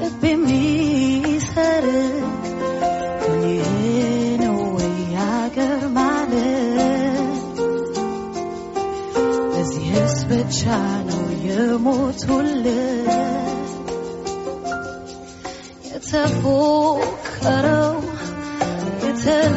ልብ የሚሰርቅ ነው ወይ ሀገር የተፎከረው የተለ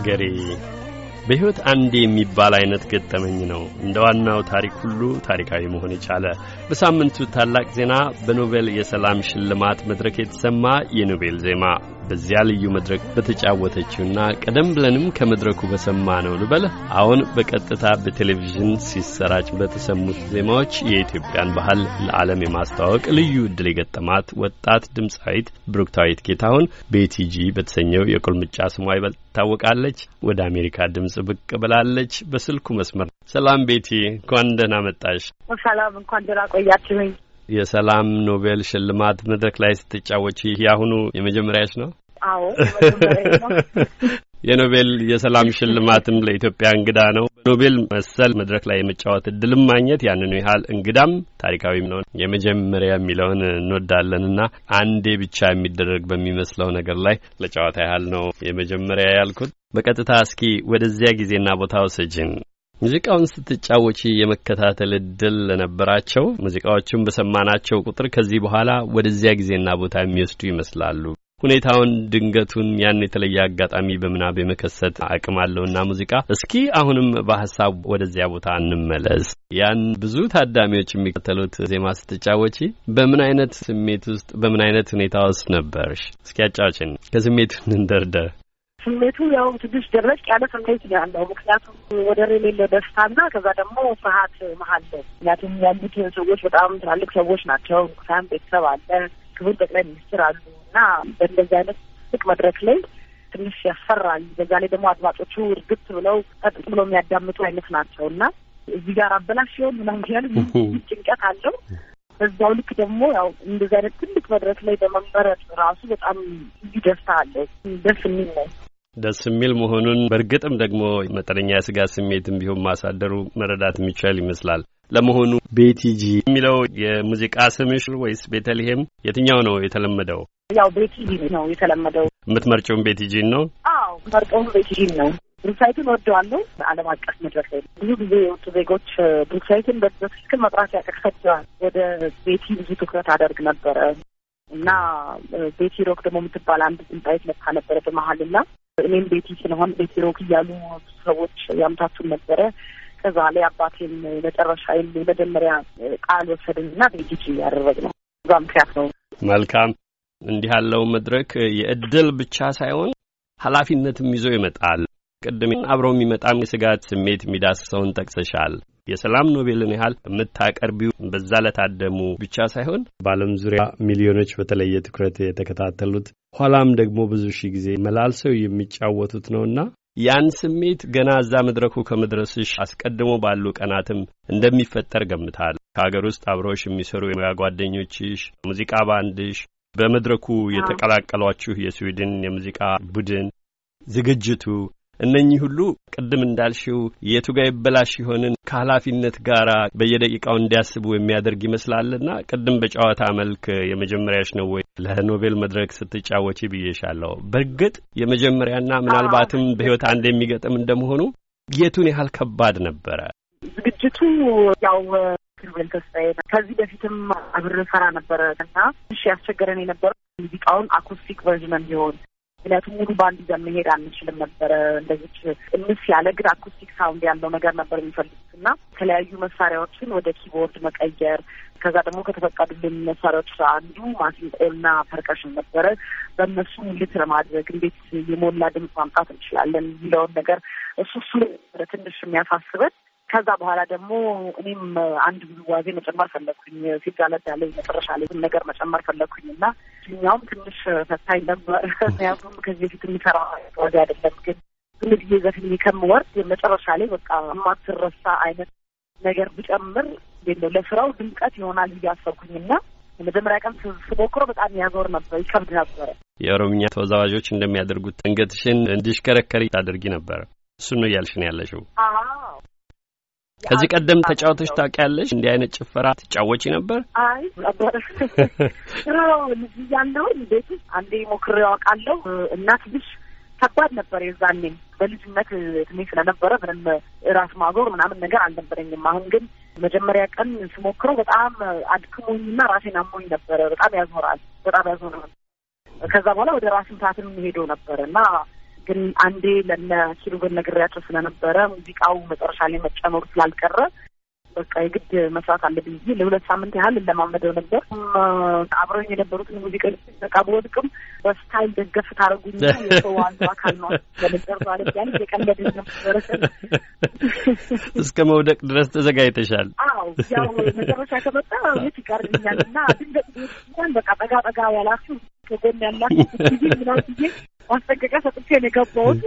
አገሬ በሕይወት አንዴ የሚባል አይነት ገጠመኝ ነው። እንደ ዋናው ታሪክ ሁሉ ታሪካዊ መሆን የቻለ በሳምንቱ ታላቅ ዜና በኖቤል የሰላም ሽልማት መድረክ የተሰማ የኖቤል ዜማ በዚያ ልዩ መድረክ በተጫወተችውና ቀደም ብለንም ከመድረኩ በሰማ ነው ልበል አሁን በቀጥታ በቴሌቪዥን ሲሰራጭ በተሰሙት ዜማዎች የኢትዮጵያን ባህል ለዓለም የማስተዋወቅ ልዩ እድል የገጠማት ወጣት ድምፃዊት ብሩክታዊት ጌታሁን ቤቲጂ በተሰኘው የቁልምጫ ስሟ ይበልጥ ትታወቃለች። ወደ አሜሪካ ድምጽ ብቅ ብላለች በስልኩ መስመር። ሰላም ቤቲ፣ እንኳን ደህና መጣሽ። ሰላም፣ እንኳን ደህና ቆያችሁኝ። የሰላም ኖቤል ሽልማት መድረክ ላይ ስትጫወች ይህ የአሁኑ የመጀመሪያች ነው? አዎ የኖቤል የሰላም ሽልማትም ለኢትዮጵያ እንግዳ ነው። ኖቤል መሰል መድረክ ላይ የመጫወት እድልም ማግኘት ያንኑ ያህል እንግዳም ታሪካዊም ነው። የመጀመሪያ የሚለውን እንወዳለንና አንዴ ብቻ የሚደረግ በሚመስለው ነገር ላይ ለጨዋታ ያህል ነው የመጀመሪያ ያልኩት። በቀጥታ እስኪ ወደዚያ ጊዜና ቦታ ውሰጅን። ሙዚቃውን ስትጫወቺ የመከታተል እድል ለነበራቸው ሙዚቃዎቹን በሰማናቸው ቁጥር ከዚህ በኋላ ወደዚያ ጊዜና ቦታ የሚወስዱ ይመስላሉ። ሁኔታውን ድንገቱን ያን የተለየ አጋጣሚ በምናብ የመከሰት አቅም አለውና ሙዚቃ እስኪ አሁንም በሀሳብ ወደዚያ ቦታ እንመለስ። ያን ብዙ ታዳሚዎች የሚከተሉት ዜማ ስትጫወቺ በምን አይነት ስሜት ውስጥ በምን አይነት ሁኔታ ውስጥ ነበርሽ? እስኪ አጫወችን ከስሜቱ እንደርደር። ስሜቱ ያው ትንሽ ደረቅ ያለ ስሜት ነው ያለው። ምክንያቱም ወደር የሌለው እና ከዛ ደግሞ ፍርሃት መሀል ነው። ምክንያቱም ያሉት ሰዎች በጣም ትላልቅ ሰዎች ናቸው። ሳም ቤተሰብ አለ፣ ክቡር ጠቅላይ ሚኒስትር አሉ እና በእንደዚህ አይነት ትልቅ መድረክ ላይ ትንሽ ያፈራል። በዛ ላይ ደግሞ አድማጮቹ እርግጥ ብለው ጠጥ ብለው የሚያዳምጡ አይነት ናቸው እና እዚህ ጋር አበላሽ ሲሆን ምናምን ያል ጭንቀት አለው። በዛው ልክ ደግሞ ያው እንደዚህ አይነት ትልቅ መድረክ ላይ በመመረጥ ራሱ በጣም ልዩ ደስታ አለው። ደስ የሚል ነው። ደስ የሚል መሆኑን በእርግጥም ደግሞ መጠነኛ የስጋት ስሜትም ቢሆን ማሳደሩ መረዳት የሚቻል ይመስላል። ለመሆኑ ቤቲጂ የሚለው የሙዚቃ ስምሽ ወይስ ቤተልሔም የትኛው ነው የተለመደው? ያው ቤቲጂ ነው የተለመደው። የምትመርጭውን ቤቲጂን ነው? አዎ መርጠውን ቤቲጂን ነው። ብሩክሳይትን ወደዋለሁ። ዓለም አቀፍ መድረክ ላይ ብዙ ጊዜ የወጡ ዜጎች ብሩክሳይትን በትክክል መጥራት ያቀርፈቸዋል። ወደ ቤቲ ብዙ ትኩረት አደርግ ነበረ እና ቤቲ ሮክ ደግሞ የምትባል አንድ ጥንጣዊት መታ ነበረ በመሀል እና እኔም ቤቲ ስለሆን ቤቲ ሮክ እያሉ ሰዎች ያምታቱን ነበረ። ከዛ ላይ አባቴም መጨረሻ የመጀመሪያ ቃል ወሰድን ወሰደኝና ቤቲች ያደረግ ነው። እዛ ምክንያት ነው። መልካም እንዲህ ያለው መድረክ የእድል ብቻ ሳይሆን ኃላፊነትም ይዞ ይመጣል። ቅድም አብረው የሚመጣም የስጋት ስሜት የሚዳስሰውን ጠቅሰሻል። የሰላም ኖቤልን ያህል የምታቀርቢው በዛ ለታደሙ ብቻ ሳይሆን በዓለም ዙሪያ ሚሊዮኖች በተለየ ትኩረት የተከታተሉት ኋላም ደግሞ ብዙ ሺህ ጊዜ መላልሰው የሚጫወቱት ነውና ያን ስሜት ገና እዛ መድረኩ ከመድረስሽ አስቀድሞ ባሉ ቀናትም እንደሚፈጠር ገምታል። ከሀገር ውስጥ አብረውሽ የሚሰሩ የሙያ ጓደኞችሽ፣ ሙዚቃ ባንድሽ፣ በመድረኩ የተቀላቀሏችሁ የስዊድን የሙዚቃ ቡድን ዝግጅቱ እነኚህ ሁሉ ቅድም እንዳልሽው የቱ ጋር ይበላሽ ይሆንን ከኃላፊነት ጋር በየደቂቃው እንዲያስቡ የሚያደርግ ይመስላልና ቅድም በጨዋታ መልክ የመጀመሪያሽ ነው ወይ ለኖቤል መድረክ ስትጫወች ብዬሻለሁ። በእርግጥ የመጀመሪያና ምናልባትም በህይወት አንድ የሚገጥም እንደመሆኑ የቱን ያህል ከባድ ነበረ ዝግጅቱ? ያው ክሩቤል ተስፋዬ ከዚህ በፊትም አብሬ ሰራ ነበረ እና ትንሽ ያስቸገረን የነበረው ሙዚቃውን አኩስቲክ ቨርዥን ቢሆን ምክንያቱም ሙሉ ባንድ ይዘን መሄድ አንችልም ነበረ። እንደዚች እንስ ያለ ግን አኩስቲክ ሳውንድ ያለው ነገር ነበር የሚፈልጉት እና የተለያዩ መሳሪያዎችን ወደ ኪቦርድ መቀየር ከዛ ደግሞ ከተፈቀዱልን መሳሪያዎች አንዱ ማሲንቆና ፐርከሽን ነበረ። በእነሱ ሙልት ለማድረግ እንዴት የሞላ ድምፅ ማምጣት እንችላለን የሚለውን ነገር እሱ እሱ ትንሽ የሚያሳስበን ከዛ በኋላ ደግሞ እኔም አንድ ውዝዋዜ መጨመር ፈለግኩኝ። ሲጋለት ያለ መጨረሻ ላይ ነገር መጨመር ፈለግኩኝ እና እኛውም ትንሽ ፈታኝ ነበር። ምክንያቱም ከዚህ በፊት የሚሰራ ዋዜ አይደለም። ግን ሁሉ ጊዜ ዘፊልኝ ከምወርድ መጨረሻ ላይ በቃ የማትረሳ አይነት ነገር ብጨምር የለው ለስራው ድምቀት ይሆናል ብዬ አሰብኩኝ እና መጀመሪያ ቀን ስሞክሮ በጣም ያዞር ነበር፣ ይከብድ ነበረ። የኦሮምኛ ተወዛዋዦች እንደሚያደርጉት አንገትሽን እንዲሽከረከር ታደርጊ ነበረ። እሱን ነው እያልሽን ያለሽው? አዎ ከዚህ ቀደም ተጫወተሽ ታውቂያለሽ? እንዲህ አይነት ጭፈራ ትጫወቺ ነበር? አይ ነበር ው ልጅ እያለሁኝ ቤት ውስጥ አንዴ ሞክሬ አውቃለሁ እና ትንሽ ከባድ ነበር። የዛኔም በልጅነት እድሜ ስለነበረ ምንም ራስ ማዞር ምናምን ነገር አልነበረኝም። አሁን ግን መጀመሪያ ቀን ስሞክረው በጣም አድክሞኝና ራሴን አሞኝ ነበረ። በጣም ያዞራል፣ በጣም ያዞራል። ከዛ በኋላ ወደ ራስን ታትን ሄዶ ነበር እና ግን አንዴ ለነ ኪሩቤል ነግሬያቸው ስለነበረ ሙዚቃው መጨረሻ ላይ መጨመሩ ስላልቀረ በቃ የግድ መስራት አለብኝ ብዬ ለሁለት ሳምንት ያህል እንለማመደው ነበር። አብረኝ የነበሩትን ሙዚቃ በቃ በወድቅም በስታይል ደገፍ ታደረጉኝ የሰው አንዱ አካል ነው ለመጨር ማለት ያለ የቀለድ ነበረ። እስከ መውደቅ ድረስ ተዘጋጅተሻል? አዎ ያው መጨረሻ ከመጣ የት ይቀርልኛል እና ድንገት እንኳን በቃ ጠጋ ጠጋ ያላችሁ ከጎን ያላችሁ ጊዜ ምናምን ጊዜ ማስጠንቀቂያ ሰጥቼ ነው የገባሁት።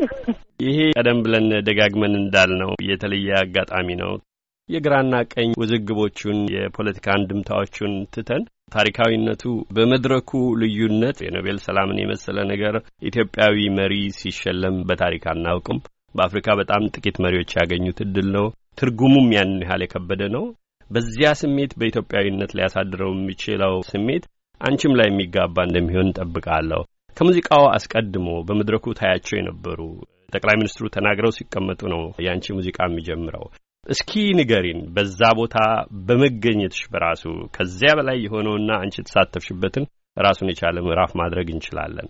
ይሄ ቀደም ብለን ደጋግመን እንዳልነው የተለየ አጋጣሚ ነው። የግራና ቀኝ ውዝግቦቹን የፖለቲካ አንድምታዎቹን ትተን ታሪካዊነቱ በመድረኩ ልዩነት የኖቤል ሰላምን የመሰለ ነገር ኢትዮጵያዊ መሪ ሲሸለም በታሪክ አናውቅም። በአፍሪካ በጣም ጥቂት መሪዎች ያገኙት እድል ነው። ትርጉሙም ያንን ያህል የከበደ ነው። በዚያ ስሜት በኢትዮጵያዊነት ሊያሳድረው የሚችለው ስሜት አንቺም ላይ የሚጋባ እንደሚሆን እንጠብቃለሁ። ከሙዚቃው አስቀድሞ በመድረኩ ታያቸው የነበሩ ጠቅላይ ሚኒስትሩ ተናግረው ሲቀመጡ ነው የአንቺ ሙዚቃ የሚጀምረው። እስኪ ንገሪን፣ በዛ ቦታ በመገኘትሽ በራሱ ከዚያ በላይ የሆነውና አንቺ የተሳተፍሽበትን ራሱን የቻለ ምዕራፍ ማድረግ እንችላለን።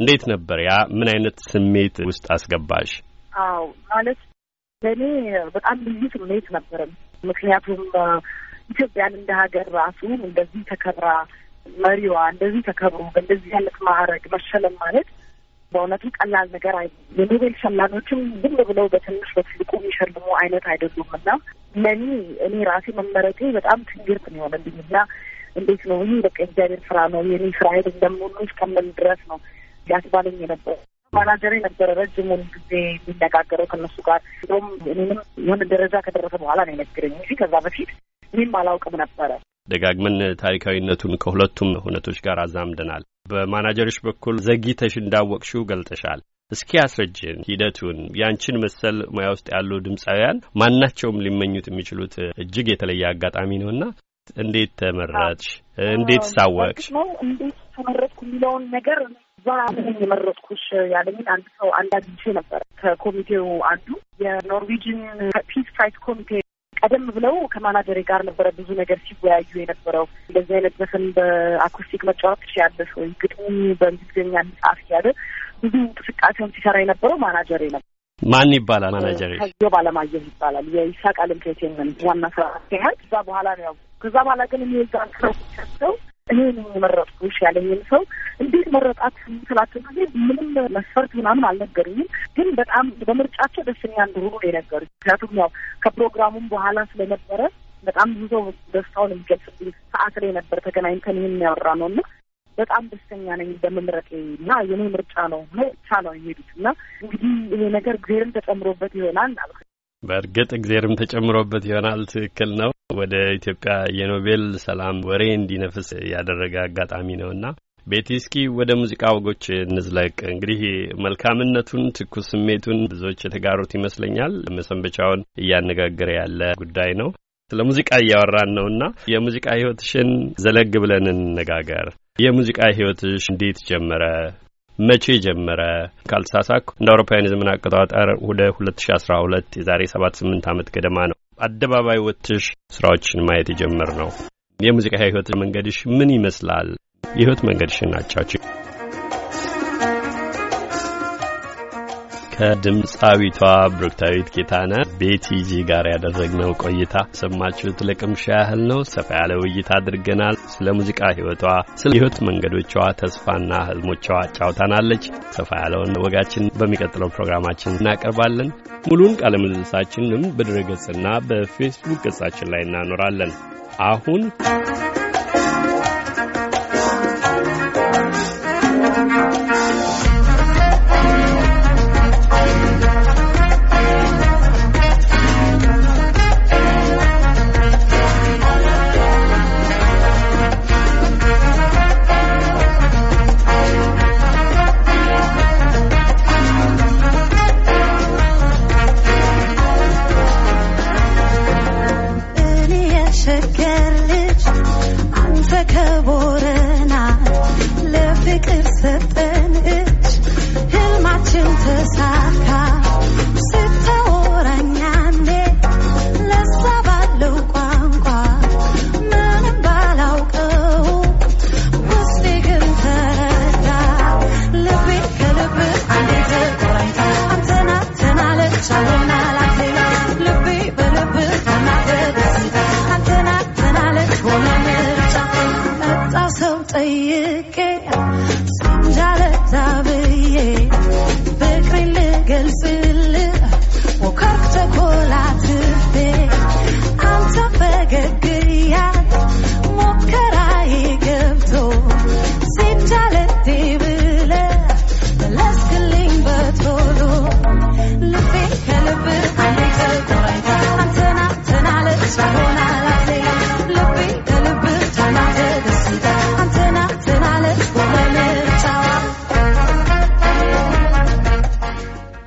እንዴት ነበር ያ? ምን አይነት ስሜት ውስጥ አስገባሽ? አዎ ማለት ለእኔ በጣም ልዩ ስሜት ነበርም። ምክንያቱም ኢትዮጵያን እንደ ሀገር ራሱ እንደዚህ ተከብራ መሪዋ እንደዚህ ተከብሮ በእንደዚህ አይነት ማዕረግ መሸለም ማለት በእውነቱ ቀላል ነገር አይ የኖቤል ሸላኞችም ዝም ብለው በትንሽ በትልቁ የሚሸልሙ አይነት አይደሉም እና ለእኔ እኔ ራሴ መመረጤ በጣም ትንግርት ነው የሆነልኝ እና እንዴት ነው ይህ በቃ እግዚአብሔር ስራ ነው የኔ ስራ ሄድ እንደምሆኑ እስከምን ድረስ ነው ያስባለኝ የነበረ ማናጀር የነበረ ረጅሙን ጊዜ የሚነጋገረው ከነሱ ጋር እንደውም እኔንም የሆነ ደረጃ ከደረሰ በኋላ ነው የነገረኝ እንጂ ከዛ በፊት እኔም አላውቅም ነበረ ደጋግመን ታሪካዊነቱን ከሁለቱም እውነቶች ጋር አዛምደናል። በማናጀሮች በኩል ዘግይተሽ እንዳወቅሽው ገልጠሻል። እስኪ አስረጅን ሂደቱን። ያንቺን መሰል ሙያ ውስጥ ያሉ ድምፃውያን ማናቸውም ሊመኙት የሚችሉት እጅግ የተለየ አጋጣሚ ነውና እንዴት ተመረጥሽ? እንዴት ሳወቅሽ? እንዴት ተመረጥኩ የሚለውን ነገር እዛ ምን የመረጥኩሽ ያለኝን አንድ ሰው አንድ አግኝቼ ነበረ። ከኮሚቴው አንዱ የኖርዌጅን ፒስ ፕራይስ ኮሚቴ ቀደም ብለው ከማናጀሬ ጋር ነበረ ብዙ ነገር ሲወያዩ የነበረው። እንደዚህ አይነት ዘፈን በአኩስቲክ መጫወት ትችያለሽ ወይ? ግጥሙ በእንግሊዝኛ ጻፍ ያለ ብዙ እንቅስቃሴውን ሲሰራ የነበረው ማናጀሬ ነበር። ማን ይባላል ማናጀሬ? ዮብ አለማየሁ ይባላል። የይስሐቅ አለም ኢንተርቴይንመንት ዋና ስራ አስኪያጅ። ከዛ በኋላ ነው ያው ከዛ በኋላ ግን የሚወዛ ስራቸው እኔ ነው የመረጥኩሽ ያለኝን ሰው እንዴት መረጣት ስላቸው ጊዜ ምንም መስፈርት ምናምን አልነገሩኝም። ግን በጣም በምርጫቸው ደስተኛ እንደሆኑ ነው የነገሩ። ምክንያቱም ያው ከፕሮግራሙም በኋላ ስለነበረ በጣም ብዙ ሰው ደስታውን የሚገልጽብኝ ሰዓት ላይ ነበር ተገናኝተን ይህን ያወራ ነው እና በጣም ደስተኛ ነኝ በመምረጤ እና የኔ ምርጫ ነው ብሎ ብቻ ነው የሚሄዱት እና እንግዲህ ይሄ ነገር እግዜርም ተጨምሮበት ይሆናል አልኩ። በእርግጥ እግዜርም ተጨምሮበት ይሆናል። ትክክል ነው። ወደ ኢትዮጵያ የኖቤል ሰላም ወሬ እንዲነፍስ ያደረገ አጋጣሚ ነው እና ቤቲ፣ እስኪ ወደ ሙዚቃ ወጎች እንዝለቅ። እንግዲህ መልካምነቱን፣ ትኩስ ስሜቱን ብዙዎች የተጋሩት ይመስለኛል። መሰንበቻውን እያነጋገረ ያለ ጉዳይ ነው። ስለ ሙዚቃ እያወራን ነውና የሙዚቃ ህይወትሽን ዘለግ ብለን እንነጋገር። የሙዚቃ ህይወትሽ እንዴት ጀመረ? መቼ ጀመረ? ካልተሳሳኩ እንደ አውሮፓውያን የዘመን አቆጣጠር ወደ ሁለት ሺ አስራ ሁለት የዛሬ ሰባት ስምንት ዓመት ገደማ ነው አደባባይ ወጥሽ ስራዎችን ማየት የጀመር ነው። የሙዚቃ ህይወት መንገድሽ ምን ይመስላል? የህይወት መንገድሽን ናጫችሁ ከድምፃዊቷ ብሩክታዊት ጌታነ ቤቲጂ ጋር ያደረግነው ቆይታ ሰማችሁት። ለቅምሻ ያህል ነው። ሰፋ ያለ ውይይት አድርገናል። ስለ ሙዚቃ ህይወቷ፣ ስለ ህይወት መንገዶቿ፣ ተስፋና ህልሞቿ ጫውታናለች። ሰፋ ያለውን ወጋችን በሚቀጥለው ፕሮግራማችን እናቀርባለን። ሙሉን ቃለ ምልልሳችንንም በድረ ገጽና በፌስቡክ ገጻችን ላይ እናኖራለን። አሁን